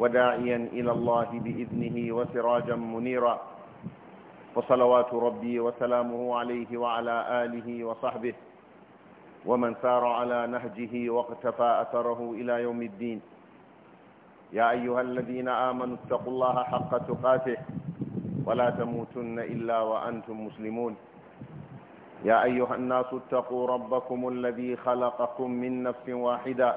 وداعيا إلى الله بإذنه وسراجا منيرا وصلوات ربي وسلامه عليه وعلى آله وصحبه ومن سار على نهجه واقتفى أثره إلى يوم الدين يا أيها الذين آمنوا اتقوا الله حق تقاته ولا تموتن إلا وأنتم مسلمون يا أيها الناس اتقوا ربكم الذي خلقكم من نفس واحدة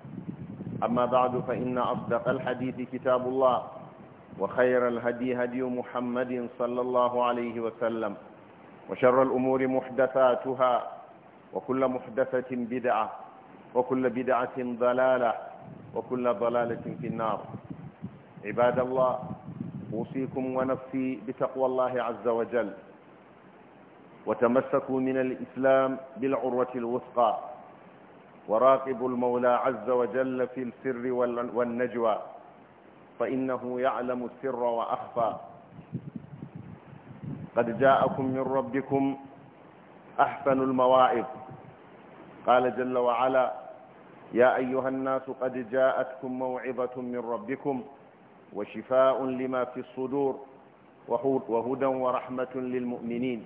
أما بعد فإن أصدق الحديث كتاب الله وخير الهدي هدي محمد صلى الله عليه وسلم وشر الأمور محدثاتها وكل محدثة بدعة وكل بدعة ضلالة وكل ضلالة في النار عباد الله أوصيكم ونفسي بتقوى الله عز وجل وتمسكوا من الإسلام بالعروة الوثقى وراقبوا المولى عز وجل في السر والنجوى فإنه يعلم السر وأخفى قد جاءكم من ربكم أحسن المواعظ قال جل وعلا يا أيها الناس قد جاءتكم موعظة من ربكم وشفاء لما في الصدور وهدى ورحمة للمؤمنين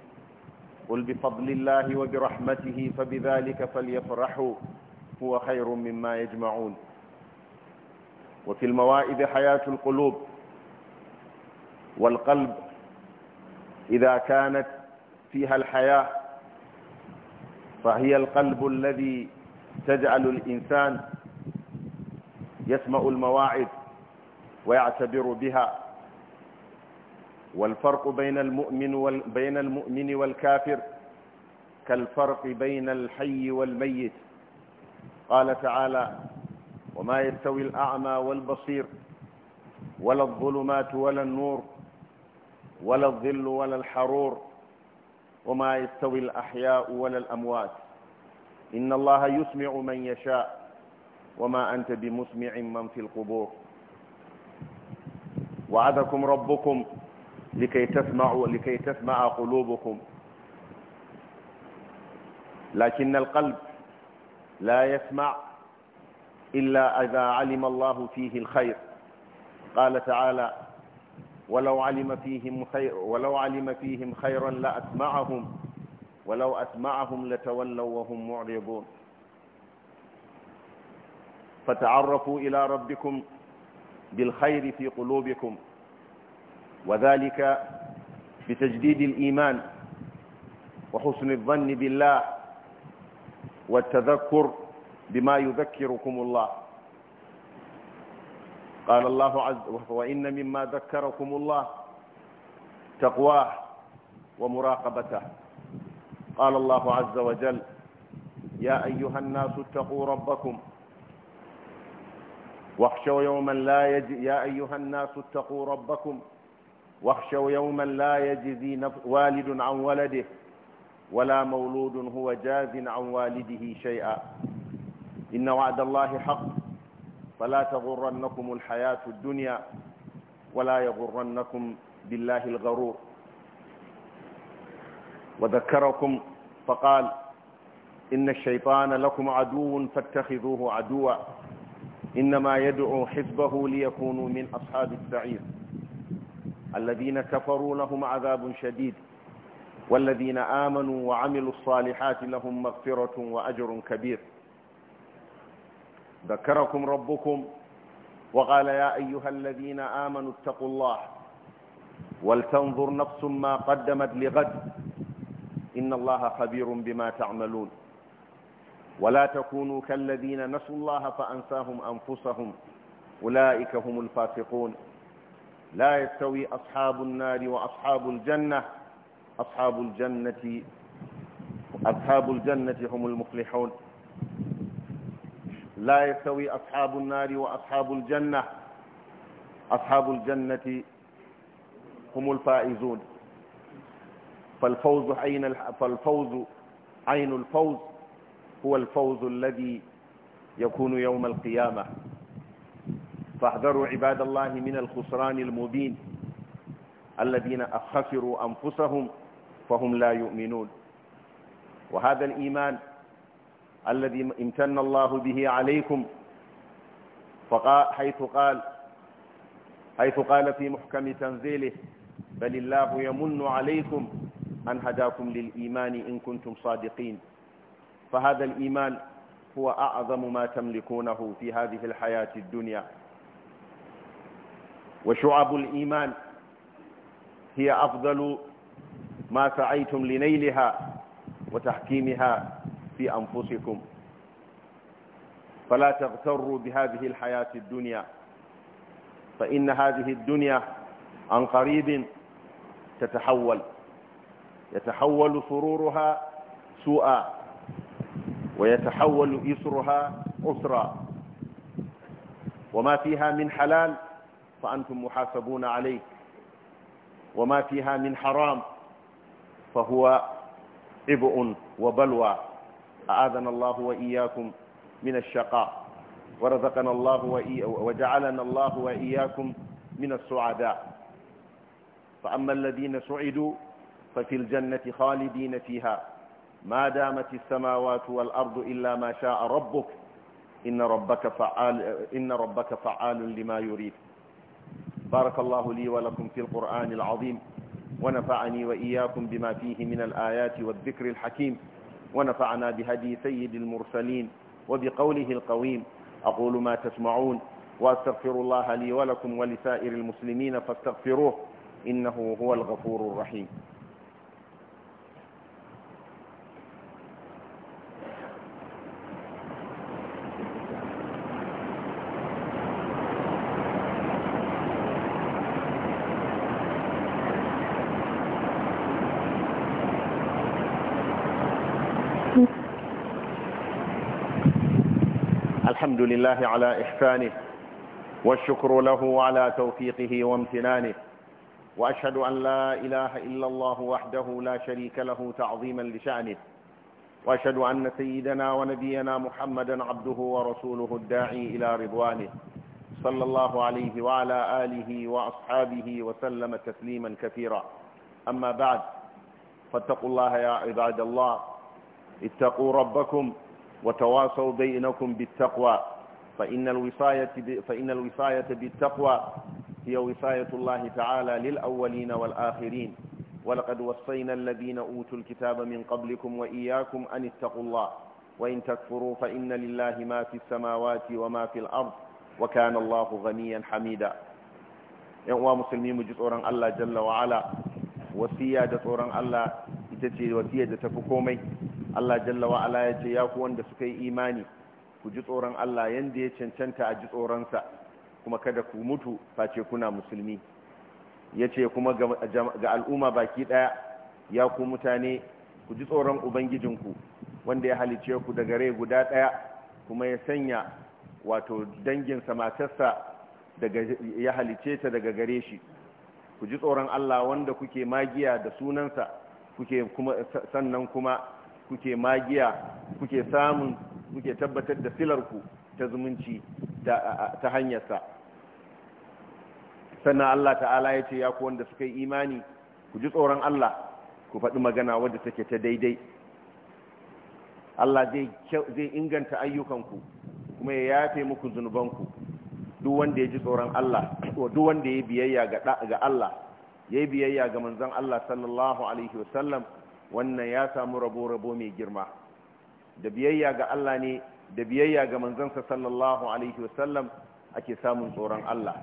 قل بفضل الله وبرحمته فبذلك فليفرحوا هو خير مما يجمعون وفي الموائد حياة القلوب والقلب إذا كانت فيها الحياة فهي القلب الذي تجعل الإنسان يسمع المواعظ ويعتبر بها والفرق بين المؤمن بين المؤمن والكافر كالفرق بين الحي والميت قال تعالى وما يستوي الأعمى والبصير ولا الظلمات ولا النور ولا الظل ولا الحرور وما يستوي الأحياء ولا الأموات إن الله يسمع من يشاء وما أنت بمسمع من في القبور وعدكم ربكم لكي تسمعوا لكي تسمع قلوبكم لكن القلب لا يسمع إلا إذا علم الله فيه الخير قال تعالى ولو علم فيهم خير ولو علم فيهم خيرا لأسمعهم ولو أسمعهم لتولوا وهم معرضون فتعرفوا إلى ربكم بالخير في قلوبكم وذلك بتجديد الإيمان وحسن الظن بالله والتذكر بما يذكركم الله قال الله عز وجل وإن مما ذكركم الله تقواه ومراقبته قال الله عز وجل يا أيها الناس اتقوا ربكم واخشوا يوما لا يج... يا أيها الناس اتقوا ربكم واخشوا يوما لا يجزي والد عن ولده ولا مولود هو جاز عن والده شيئا إن وعد الله حق فلا تغرنكم الحياة الدنيا ولا يغرنكم بالله الغرور وذكركم فقال إن الشيطان لكم عدو فاتخذوه عدوا إنما يدعو حزبه ليكونوا من أصحاب السعير الذين كفروا لهم عذاب شديد والذين آمنوا وعملوا الصالحات لهم مغفرة وأجر كبير ذكركم ربكم وقال يا أيها الذين آمنوا اتقوا الله ولتنظر نفس ما قدمت لغد إن الله خبير بما تعملون ولا تكونوا كالذين نسوا الله فأنساهم أنفسهم أولئك هم الفاسقون لا يستوي أصحاب النار وأصحاب الجنة أصحاب الجنة أصحاب الجنة هم المفلحون لا يستوي أصحاب النار وأصحاب الجنة أصحاب الجنة هم الفائزون فالفوز عين فالفوز عين الفوز هو الفوز الذي يكون يوم القيامة فاحذروا عباد الله من الخسران المبين الذين خسروا أنفسهم فهم لا يؤمنون وهذا الإيمان الذي امتن الله به عليكم فقال حيث قال حيث قال في محكم تنزيله بل الله يمن عليكم أن هداكم للإيمان إن كنتم صادقين فهذا الإيمان هو أعظم ما تملكونه في هذه الحياة الدنيا وشعب الإيمان هي أفضل ما سعيتم لنيلها وتحكيمها في أنفسكم فلا تغتروا بهذه الحياة الدنيا فإن هذه الدنيا عن قريب تتحول يتحول سرورها سوءا ويتحول إسرها أسرا وما فيها من حلال فأنتم محاسبون عليه وما فيها من حرام فهو عبء وبلوى أعاذنا الله وإياكم من الشقاء ورزقنا الله وجعلنا الله وإياكم من السعداء فأما الذين سعدوا ففي الجنة خالدين فيها ما دامت السماوات والأرض إلا ما شاء ربك إن ربك فعال, إن ربك فعال لما يريد بارك الله لي ولكم في القرآن العظيم ونفعني وإياكم بما فيه من الآيات والذكر الحكيم ونفعنا بهدي سيد المرسلين وبقوله القويم أقول ما تسمعون وأستغفر الله لي ولكم ولسائر المسلمين فاستغفروه إنه هو الغفور الرحيم لله على إحسانه والشكر له على توفيقه وامتنانه وأشهد أن لا إله إلا الله وحده لا شريك له تعظيما لشأنه وأشهد أن سيدنا ونبينا محمدا عبده ورسوله الداعي إلى رضوانه صلى الله عليه وعلى آله وأصحابه وسلم تسليما كثيرا أما بعد فاتقوا الله يا عباد الله اتقوا ربكم وتواصوا بينكم بالتقوى فإن الوصاية, فإن الوصاية بالتقوى هي وصاية الله تعالى للأولين والآخرين ولقد وصينا الذين أوتوا الكتاب من قبلكم وإياكم أن اتقوا الله وإن تكفروا فإن لله ما في السماوات وما في الأرض وكان الله غنيا حميدا يقوى مسلمين جزء الله جل وعلا وصية da الله Allah ita الله جل وعلا tafi komai Allah إيماني ku ji tsoron Allah yadda ya cancanta a ji tsoronsa kuma kada ku mutu face kuna musulmi ya ce kuma ga al'umma baki ɗaya ya ku mutane ku ji tsoron ubangijinku wanda ya halice ku daga rai guda daya kuma ya sanya wato danginsa matarsa ya halice ta daga gare shi ku ji tsoron Allah wanda kuke magiya da sunansa kuke sannan kuma kuke magiya kuke samun muke tabbatar da silarku ta zumunci ta hanyarsa sannan Allah ta'ala ya ce ya ku wanda suka yi imani ku ji tsoron Allah ku faɗi magana wadda take ta daidai Allah zai inganta ayyukanku kuma ya yafe muku zunubanku duk wanda ya ji tsoron Allah duk wanda ya biyayya ga Allah ya biyayya ga manzon Allah sallallahu alaihi wasallam wannan ya samu rabo-rabo mai girma da biyayya ga Allah ne da biyayya ga manzansa sallallahu alaihi wasallam ake samun tsoron Allah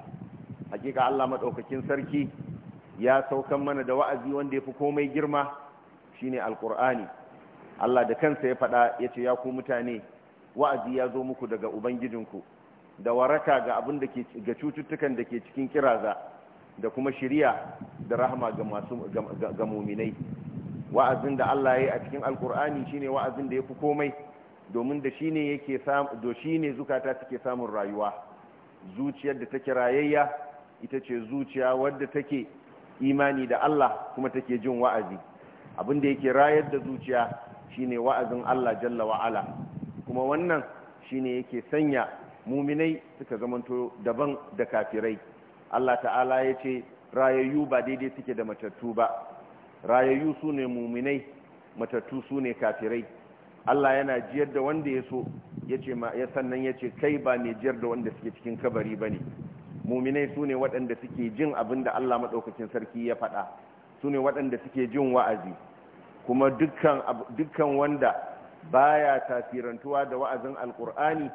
hakika Allah maɗaukakin sarki ya saukan mana da wa'azi wanda ya fi komai girma shine alqur'ani Allah da kansa ya faɗa ya ce ya ku mutane wa'azi ya zo muku daga ubangijinku da waraka ga abin da ke ga cututtukan da ke cikin kiraza da kuma shiriya da rahama ga masu ga muminai wa'azin da Allah ya yi a cikin alkur'ani shine wa'azin da ya fi komai domin da shi ne yake shi ne zukata suke samun rayuwa zuciyar da take rayayya ita ce zuciya wadda take imani da Allah kuma take jin wa'azi abin da yake rayar da zuciya shine wa'azin Allah jalla wa'ala kuma wannan shine yake sanya muminai suka zamanto daban da kafirai Allah ta'ala ya ce rayayyu ba daidai suke da matattu ba rayayyu su ne muminai matattu su ne kafirai Allah yana jiyar da wanda ya so ya sannan ya ce kai ba mai jiyar da wanda suke cikin kabari ba ne muminai su ne waɗanda suke jin abin da Allah maɗaukacin sarki ya faɗa su ne waɗanda suke jin wa'azi kuma dukkan wanda baya tasirantuwa da wa'azin alkur'ani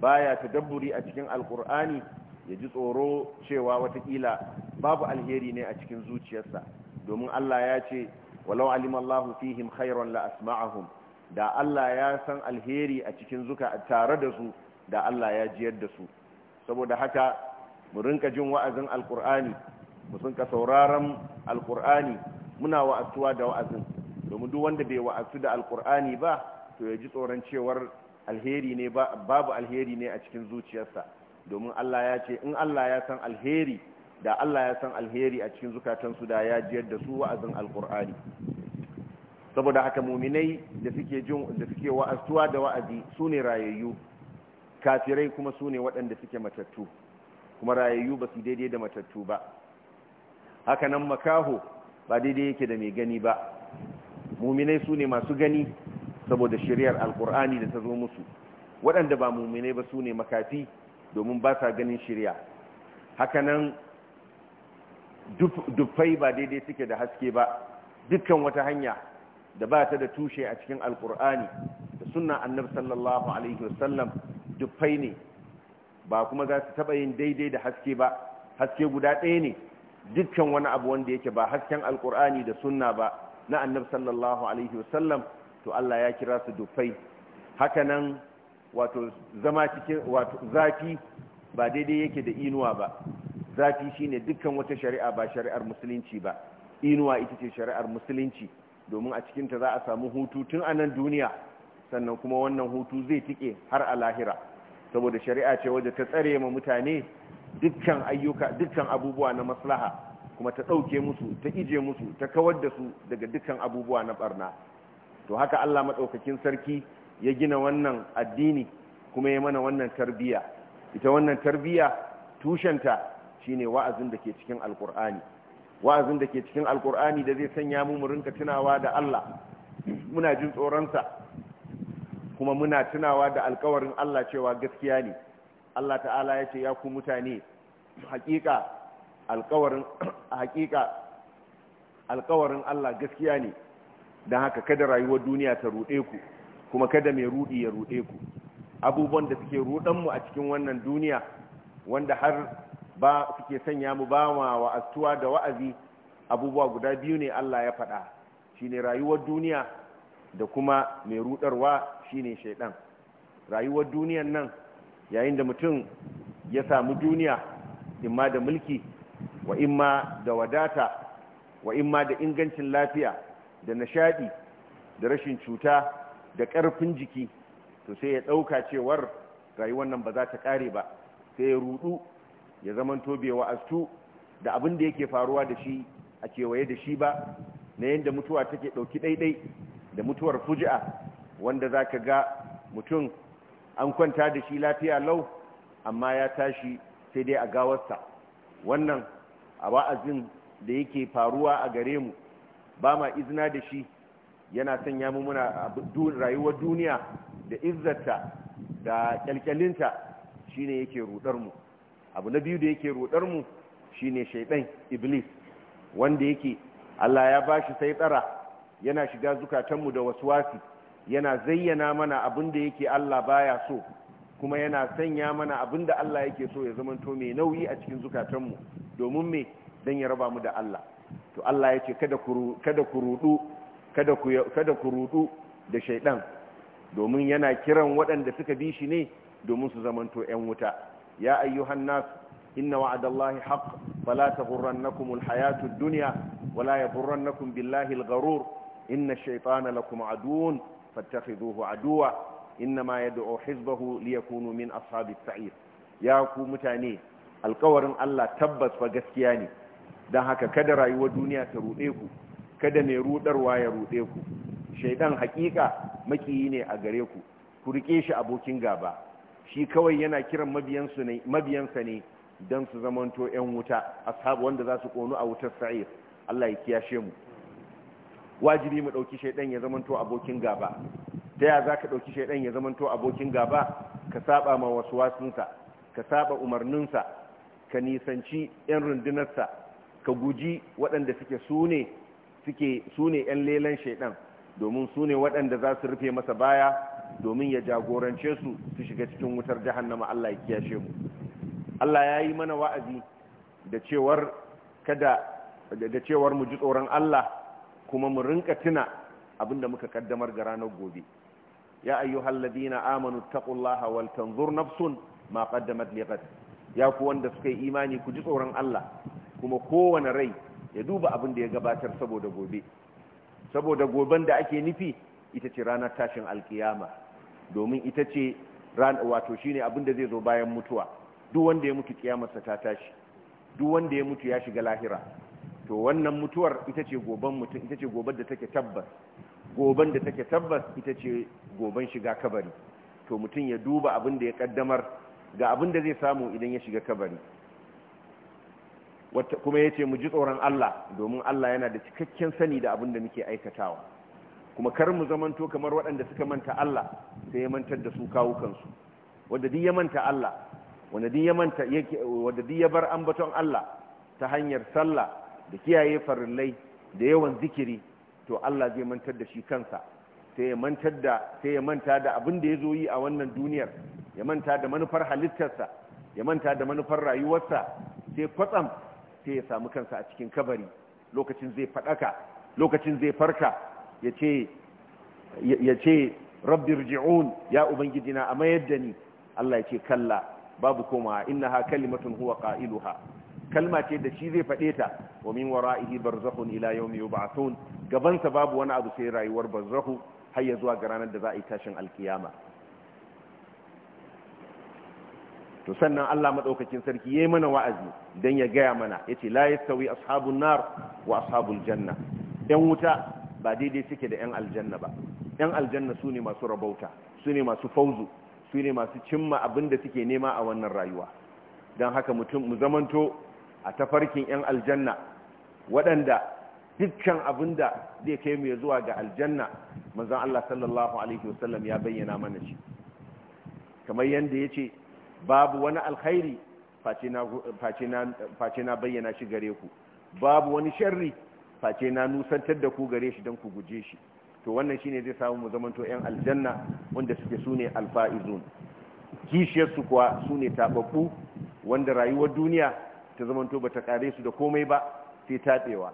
baya dabburi a cikin alkur'ani ya ji tsoro cewa wataƙila babu alheri ne a cikin zuciyarsa domin Allah ya ce walau alim Allah fihim khairan la asma'ahum da Allah ya san alheri a cikin zuka tare da su da Allah ya jiyar da su saboda haka mu rinka jin wa'azin alqur'ani mu sunka sauraron alqur'ani muna wa'azuwa da wa'azin domin duk wanda bai wa'azu da alqur'ani ba to ya ji tsoron cewar alheri ne babu alheri ne a cikin zuciyarsa domin Allah ya ce in Allah ya san alheri da Allah ya san alheri a cikin zukatansu da ya jiyar da su wa'azin alkur'ani saboda haka muminai da suke jin da suke wa'azuwa da wa'azi su ne rayayyu kafirai kuma su ne waɗanda suke matattu kuma rayayyu ba su daidai da matattu ba haka nan makaho ba daidai yake da mai gani ba muminai su ne masu gani saboda shiriyar alkur'ani da ta zo musu waɗanda ba muminai ba su ne makafi domin ba sa ganin shirya hakanan Duffai ba daidai suke da haske ba dukkan wata hanya da ba ta da tushe a cikin alkur'ani da sunna annab sallallahu alaihi wasallam dufai ne ba kuma za su taɓa yin daidai da haske ba haske guda ɗaya ne dukkan wani abu wanda yake ba hasken alkur'ani da sunna ba na annab sallallahu alaihi wasallam to Allah ya kira su dufai hakanan wato zama cikin wato zafi ba daidai yake da inuwa ba zafi shine dukkan wata shari'a ba shari'ar musulunci ba inuwa ita ce shari'ar musulunci domin a cikinta za a samu hutu tun a nan duniya sannan kuma wannan hutu zai tike har a lahira saboda shari'a ce wadda ta tsare ma mutane dukkan ayyuka dukkan abubuwa na maslaha kuma ta ɗauke musu ta ije musu ta kawar da su daga dukkan abubuwa na barna to haka Allah maɗaukakin sarki ya gina wannan addini kuma ya mana wannan tarbiyya. ita wannan tarbiyya tushenta shine wa'azin da ke cikin alkur'ani wa'azin da ke cikin alkur'ani da zai sanya mu mu rinka tunawa da Allah muna jin tsoronsa kuma muna tunawa da alkawarin Allah cewa gaskiya ne Allah ta'ala ya ce ya ku mutane hakika alkawarin hakika alkawarin Allah gaskiya ne don haka kada rayuwar duniya ta ruɗe ku kuma kada mai rudi ya ruɗe ku abubuwan da suke rudanmu a cikin wannan duniya wanda har ba suke sanya mu ba ma astuwa da wa'azi abubuwa guda biyu ne Allah ya faɗa shine rayuwar duniya da kuma mai rudarwa shine shaidan rayuwar duniyan nan yayin da mutum ya samu duniya imma da mulki wa imma da wadata wa imma da ingancin lafiya da nishadi da rashin cuta da ƙarfin jiki to sai ya ɗauka cewar rayuwar nan ba za ta ƙare ba sai ya rudu ya zamanto bai wa'astu da abin da yake faruwa da shi a kewaye da shi ba na yadda mutuwa take ɗauki ɗaiɗai da mutuwar fuji'a wanda za ka ga mutum an kwanta da shi lafiya lau amma ya tashi sai dai a gawarsa wannan a wa'azin da yake faruwa a gare mu ba ma izina da shi yana sanya mu muna rayuwar duniya da izzarta da kyalkyalinta shine yake rudar mu abu na biyu da yake rudar mu shine shaidan iblis wanda yake Allah ya bashi sai tsara yana shiga zukatanmu da wasu wasi, yana zayyana mana abin da yake Allah baya so kuma yana sanya mana abin da Allah yake so ya zamanto mai nauyi a cikin zukatanmu domin me dan ya raba mu da Allah to Allah ya ce kada ku rudu kada ku rudu da shaidan domin yana kiran waɗanda suka bi shi ne domin su zamanto 'yan wuta يا أيها الناس إن وعد الله حق فلا تغرنكم الحياة الدنيا ولا يغرنكم بالله الغرور إن الشيطان لكم عدون فاتخذوه عدوا إنما يدعو حزبه ليكونوا من أصحاب السعير يا كومتاني القور الله تبس فقسياني دان هكا كدر أيوة دنيا ترؤيكو كدن يرودر ويرؤيكو الشيطان حقيقة مكييني أغريكو كوريكيش أبو كينغابا shi kawai yana kiran mabiyansa ne don su zamanto 'yan wuta sabu wanda za su ƙonu a wutar sa'ir Allah ya kiyashe mu wajibi mu ɗauki shaidan ya zamanto abokin gaba ta ya za ka ɗauki shaidan ya zamanto abokin gaba ka saba ma wasu wasunsa ka saba umarninsa ka nisanci 'yan rundunarsa ka guji waɗanda suke sune ne 'yan lelan shaidan domin su ne waɗanda za su rufe masa baya domin ya jagorance su su shiga cikin wutar jahannama Allah ya kiyashe mu Allah ya yi mana wa'azi da cewar kada da cewar mu ji tsoron Allah kuma mu rinka tuna abinda muka kaddamar ga ranar gobe ya ayyuhal ladina amanu taqullaha wal tanzur nafsun ma qaddamat liqad ya ku wanda suka yi imani ku ji tsoron Allah kuma kowane rai ya duba abin da ya gabatar saboda gobe saboda goben da ake nufi ita ce ranar tashin alkiyama domin ita ce wato shine abin da zai zo bayan mutuwa duk wanda ya mutu kiyamarsa ta tashi duk wanda ya mutu ya shiga lahira to wannan mutuwar ita ce goban mutum ita ce goban da take tabbas goban da take tabbas ita ce goban shiga kabari to mutum ya duba abin da ya kaddamar ga abin da zai samu idan ya shiga kabari kuma ya ce mu ji tsoron Allah domin Allah yana da cikakken sani da abin da muke aikatawa kuma kar mu zamanto kamar waɗanda suka manta Allah sai ya mantar da su kawukansu wanda duk ya manta Allah wanda duk ya manta wanda duk ya bar ambaton Allah ta hanyar sallah da kiyaye farillai da yawan zikiri to Allah zai mantar da shi kansa sai ya mantar da sai ya manta da abin da ya zo yi a wannan duniyar ya manta da manufar halittarsa ya manta da manufar rayuwarsa sai kwatsam sai ya samu kansa a cikin kabari lokacin zai fadaka lokacin zai farka ya ce rabbi rji'un ya ubangiji na mayar da ni Allah ya ce kalla babu koma innaha kalimatun huwa qailuha kalma ce da shi zai faɗe ta wa min wara'ihi barzakhun ila yawmi yub'athun gaban sa babu wani abu sai rayuwar barzakhu har ya zuwa ga ranar da za a yi tashin alkiyama to sannan Allah madaukakin sarki yayi mana wa'azi dan ya gaya mana yace la yastawi ashabun nar wa ashabul janna yan wuta ba daidai suke da 'yan aljanna ba 'yan aljanna su ne masu rabauta su ne masu fauzu su ne masu cimma abin da suke nema a wannan rayuwa don haka mutum mu zamanto a tafarkin 'yan aljanna waɗanda dukkan abin da zai kai mu ya zuwa ga aljanna manzan Allah sallallahu alaihi wasallam ya bayyana mana shi kamar yadda ya ce babu wani alkhairi face na bayyana shi gare ku babu wani sharri face na nusantar da ku gare shi don ku guje shi to wannan shi ne zai samu mu zamanto yan aljanna wanda suke sune alfa'izun kishiyarsu kuwa su ne taɓaɓɓu wanda rayuwar duniya ta zamanto bata kare su da komai ba sai tabewa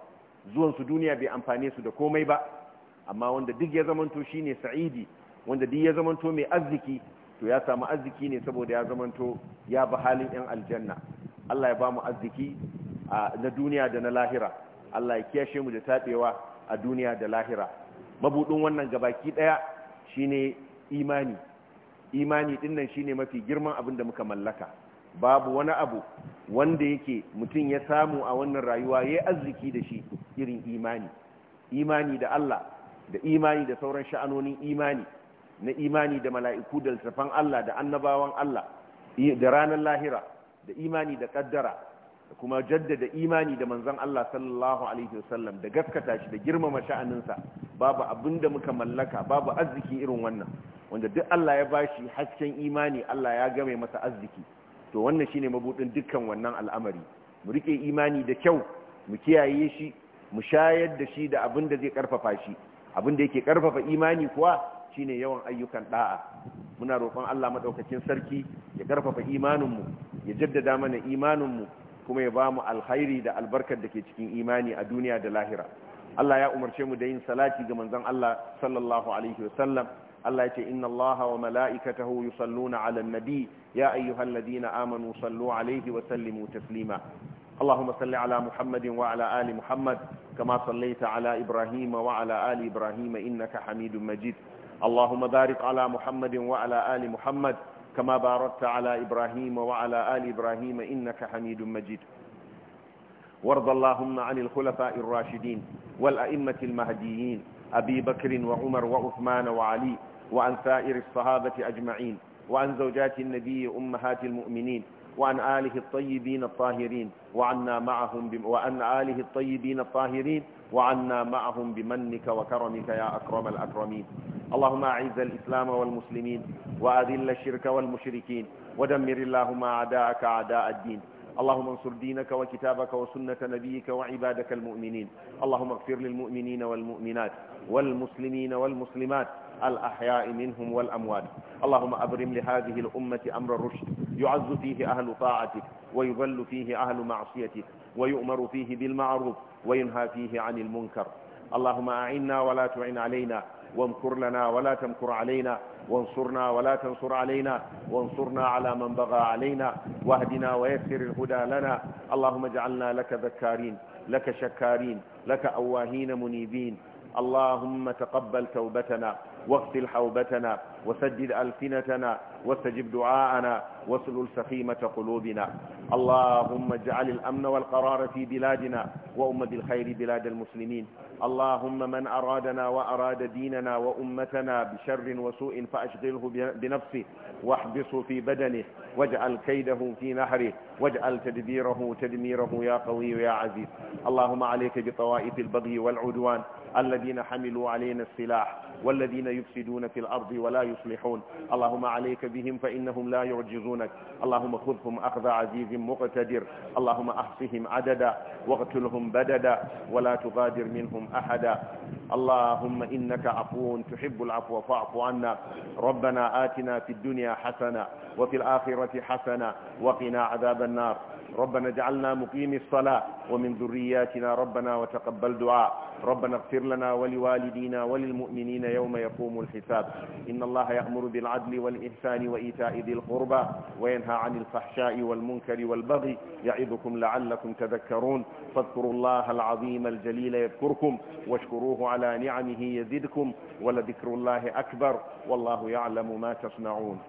Zuwansu duniya bai amfane su da komai ba amma wanda duk ya zamanto ne sa'idi wanda duk ya zamanto mai arziki to ya samu arziki ne saboda ya zamanto ya ba halin yan aljanna Allah ya ba mu arziki na duniya da na lahira Allah ya kiyashe mu da taɓewa a duniya da lahira mabudin wannan gabaki ɗaya shine imani imani din nan shine mafi girman abin da muka mallaka babu wani abu wanda yake mutum ya samu a wannan rayuwa ya arziki da shi irin imani imani da Allah da imani da sauran sha'anonin imani na imani da mala'iku da littattafan Allah da annabawan Allah da ranar lahira da imani da kaddara kuma jaddada imani da manzon Allah sallallahu alaihi wasallam da gaskata shi da girmama sha'aninsa babu abinda muka mallaka babu arziki irin wannan wanda duk Allah ya bashi hasken imani Allah ya game masa arziki to wannan shine mabudin dukkan wannan al'amari mu rike imani da kyau mu kiyaye shi mu shayar da shi da abinda zai karfafa shi abinda yake karfafa imani kuwa shine yawan ayyukan da'a muna roƙon Allah madaukakin sarki ya karfafa imanin mu ya jaddada mana imanin mu kuma ya bamu alkhairi da albarkar da ke cikin imani a duniya da lahira Allah ya umarce mu da yin salati ga manzon Allah sallallahu alaihi wasallam Allah ya ce inna Allah wa mala'ikatahu yusalluna 'alan nabi ya ayyuhalladhina amanu sallu 'alaihi wa sallimu taslima اللهم صل على محمد وعلى آل محمد كما صليت على إبراهيم وعلى آل إبراهيم إنك حميد مجيد اللهم بارك على محمد وعلى آل محمد كما باركت على إبراهيم وعلى آل إبراهيم إنك حميد مجيد وارض اللهم عن الخلفاء الراشدين والأئمة المهديين أبي بكر وعمر وعثمان وعلي وعن سائر الصحابة أجمعين وعن زوجات النبي أمهات المؤمنين وعن آله الطيبين الطاهرين وعنا معهم بم... وعن آله الطيبين الطاهرين وعنا معهم بمنك وكرمك يا أكرم الأكرمين اللهم أعز الإسلام والمسلمين وأذل الشرك والمشركين ودمر اللهم أعداءك أعداء الدين اللهم انصر دينك وكتابك وسنة نبيك وعبادك المؤمنين اللهم اغفر للمؤمنين والمؤمنات والمسلمين والمسلمات الأحياء منهم والأموات اللهم أبرم لهذه الأمة أمر الرشد يعز فيه أهل طاعتك ويذل فيه أهل معصيتك ويؤمر فيه بالمعروف وينهى فيه عن المنكر اللهم أعنا ولا تعن علينا وامكر لنا ولا تمكر علينا وانصرنا ولا تنصر علينا وانصرنا على من بغى علينا واهدنا ويسر الهدى لنا اللهم اجعلنا لك ذكارين لك شكارين لك أواهين منيبين اللهم تقبل توبتنا واغسل حوبتنا وسدد ألسنتنا واستجب دعاءنا واسلل سخيمة قلوبنا اللهم اجعل الأمن والقرار في بلادنا وأمة الخير بلاد المسلمين اللهم من أرادنا وأراد ديننا وأمتنا بشر وسوء فأشغله بنفسه واحبسه في بدنه واجعل كيده في نحره واجعل تدبيره تدميره يا قوي يا عزيز اللهم عليك بطوائف البغي والعدوان الذين حملوا علينا السلاح والذين يفسدون في الأرض ولا يصلحون اللهم عليك بهم فإنهم لا يعجزونك اللهم خذهم أخذ عزيز مقتدر اللهم أحصهم عددا واغتلهم بددا ولا تغادر منهم أحدا اللهم إنك عفو تحب العفو فاعف عنا ربنا آتنا في الدنيا حسنة وفي الآخرة حسنة وقنا عذاب النار ربنا اجعلنا مقيم الصلاة ومن ذرياتنا ربنا وتقبل دعاء ربنا اغفر لنا ولوالدينا وللمؤمنين يوم يقوم الحساب إن الله يأمر بالعدل والإحسان وإيتاء ذي القربى وينهى عن الفحشاء والمنكر والبغي يعظكم لعلكم تذكرون فاذكروا الله العظيم الجليل يذكركم واشكروه على على نعمه يزدكم ولذكر الله أكبر والله يعلم ما تصنعون